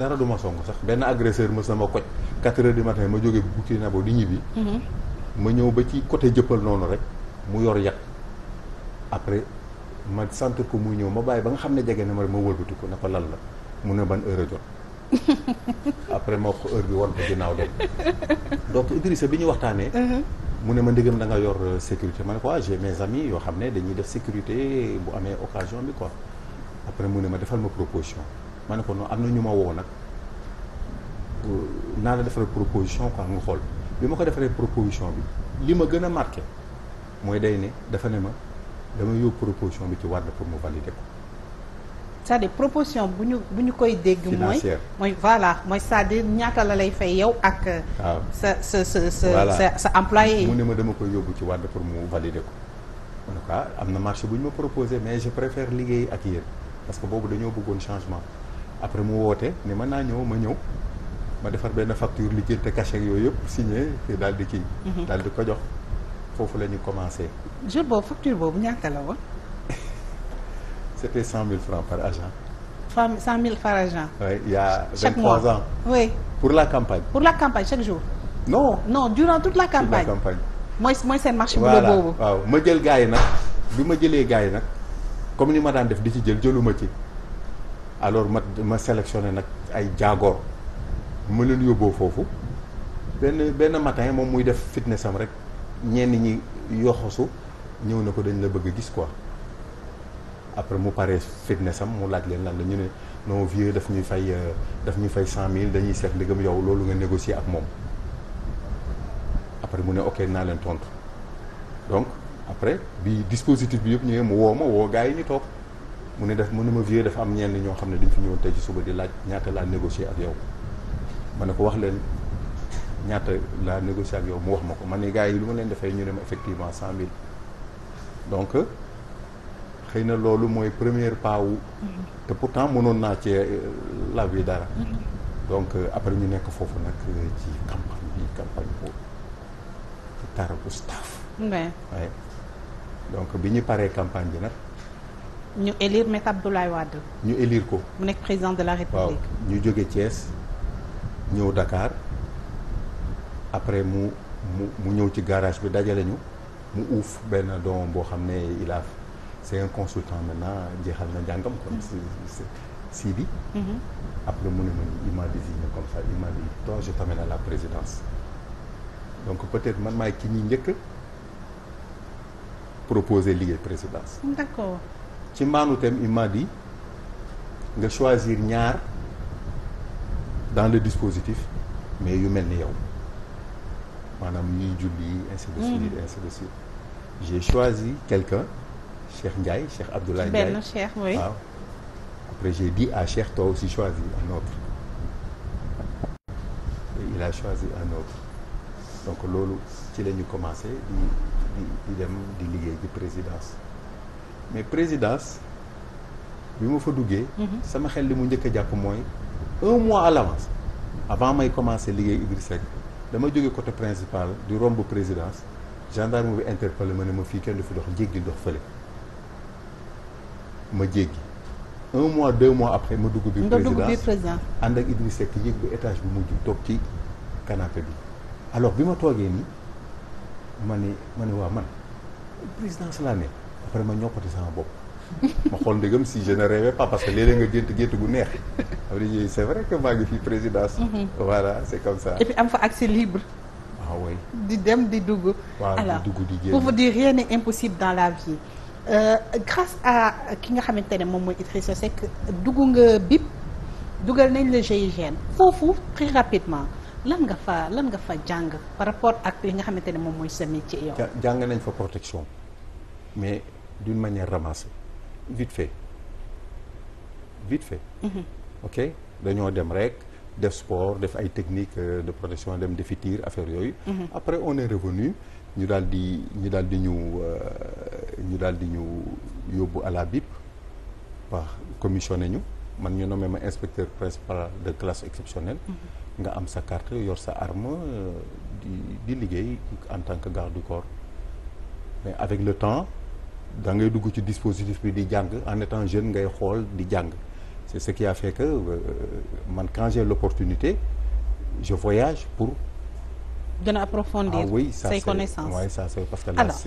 dara du ma song sax benn agresseur mës na ma koj quatre heures du matin ma jógee Burkina Faso di ñibbi. Mhm. ma ñëw ba ci côté jëppal noonu rek mu yor yat après ma sentir ko mu ñëw ma bàyyi ba nga xam ne jege na ma rek ma wëlbati ko ne ko lan la mu ne ban heure a jot après ma wax ko heure bi wan ko ginnaaw dem donc Idrissa bi ñu waxtaanee. Mhm. mu ne ma ndegam da nga yor euh, sécurité ma ne ko ah j'ai mes amis yoo xam ne dañuy def sécurité bu amee occasion bi quoi après mu ne ma defal ma proposition. man ne ko non am na ñu ma woo nag naa la defaree proposition quoi nga xool bi ma ko defaree proposition bi li ma gën a marqué mooy day ne dafa ne ma dama yóbbu proposition bi ci Wade pour mu valider ko. c'est-à-dire bu ñu bu ñu koy dégg. mooy mooy voilà mooy cest à la lay fay yow ak. waaw ah. sa sa sa sa sa employé yi. mu ne dama koy yóbbu ci Wade pour mu valider ko. en ah, am na marché bu ñu ma proposé mais je préfère liggéey ak yéen parce que boobu dañoo bëggoon changement. après mu woote ni man naa ñëw ma ñëw ma defar benn facture li lijjante cachet yooyu yëpp signé te daal di kii. Mhm. daal di ko jox foofu la ñu commencé. jour boobu facture boobu ñaata la woon. c' était cent mille francs par agent. cent mille par agent. oui il y pour la campagne. pour la campagne chaque jour. non non durant toute la campagne. mooy mooy seen marché. bu voilà boobu waaw ma jël gars yi nag bi ma jëlee gars yi nag comme ni ma daan def di ci jël jëluma ci. alors ma ma sélectionné nag ay jaagoor ma leen yóbboo foofu benn benn matin moom muy def fitness am rek ñenn ñi yoxosu ñëw na ko dañ la bëgg a gis quoi après mu paree fitness am mu laaj leen lan la ñu ne non vieux daf ñuy fay euh, daf ñu fay cent mille dañuy seet ndigam yow loolu nga négocier ak moom après mu ne ok naa leen tontu donc après bi dispositif bi yëpp ñëwee mu woo ma woo gars yi ñu toog. mu ne def mu ne ma vieux dafa am ñenn ñoo xam ne dañ fi ñëwoon tey ci suba di laaj ñaata laa négocier ak yow ma ne ko wax leen ñaata laa négocier ak yow mu wax ma ko man ne gars yi lu ma leen defee ñu ne ma effectivement xëy na loolu mooy première pas wu te pourtant mënoon naa ci euh, laaj yi dara donc euh, après ñu nekk foofu nag euh, ci campagne bi campagne boobu ci taraku staff donc bi ñu paree campagne bi nag ñu élire Me Abdoulaye Wade. ñu élire ko. mu nekk président de la république. ñu jóge Thiès ñëw dakaar après mu mu mu ñëw ci garage bi dajale ñu mu uuf benn doomam boo xam ne il a c' est un consultant maintenant jeexal na njàngam kon mm-hmm. si bi. Mm-hmm. après mu ne ma il m'a désigné comme ça il m'a dit je t'amène à la présidence donc peut-être man maay ki ñuy njëkk proposer liggéey présidence. d' ci maanuteem il m'a dit nga choisir ñaar dans le dispositif mais yu mel ni yow maanaam ñiy julli ainsi de suite mm. ainsi choisi quelqu'un Cheikh Ndiaye Cheikh Abdoulaye Ndiaye benn Cheikh oui waaw après j'ai dit à Cheikh toi aussi choisis un autre et il a choisi un autre donc loolu ci lañu ñu commencé di di di dem di liggéey ci présidence mais présidence bi ma fa duggee. Mhm. sama xel li mu njëkk a jàpp mooy un mois à avant may commencer liggéey Idriss Seck dama jóge côté principal du romb présidence gendarme bi interpellé ma ne ma fii kenn du fi dox jéggi dox fële ma jéggi un mois deux mois après ma dugg biir présidence ànd ak Idriss Seck yéeg ba étage mu mujj toog ci canapé bi alors bi ma toogee nii ma ne ma ne waaw man présidence laa ne après ma ñoppati sama bopp ma xool ndegam si je ne rêvais parce que léeg-léeg nga gént gént gu neex après c'est vrai mm-hmm. voilà c'est comme ça am fa accès libre waaw ah, di dem di dugg alors di dugg di génn pour vous dire dans la vie euh, grâce ki nga xamante ne moom mooy Idrissa Seck dugg nga bip dugal nañ le GIGN foofu très rapidement lan nga fa lan nga fa jàng par rapport ak li nga xamante ne moom mooy sa métier yow. jàng nañ fa protection mais d'une manière ramassée vite fait vite fait mhm. ok dañoo dem rek def sport def ay technique euh, de protection dem defi tir affaire yooyu mhm. après on est revenu ñu daal di ñu daal di ñu euh, ñu di ñu yóbbu à la BIP ñu man ñu nommé ma inspecteur principal de classe exceptionnelle mhm. nga am sa carte yor sa arme euh, di di liggéey en tant que garde corps avec le temps da ngay dugg ci dispositif bi di jàng en étant jeune ngay xool di jàng c'est ce qui a fait que euh, man euh, quand j'ai l'opportunité je voyage pour. gën a approfondir. ah oui ça c'est, ouais, parce que. Alors.